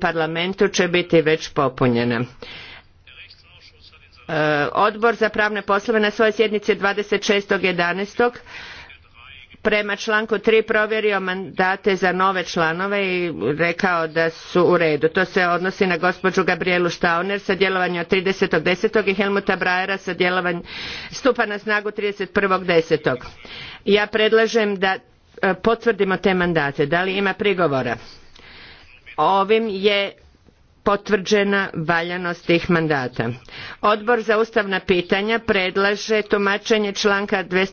parlamentu će biti već popunjena. E, Odbor za pravne poslove na svojoj sjednici 26.11. prema članku 3 provjerio mandate za nove članove i rekao da su u redu. To se odnosi na gospođu Gabrielu Stauner sa djelovanjem od 30.10. i Helmuta Brajera sa djelovanjem stupa na snagu 31.10. Ja predlažem da e, potvrdimo te mandate. Da li ima prigovora? ovim je potvrđena valjanost tih mandata. Odbor za ustavna pitanja predlaže tumačenje članka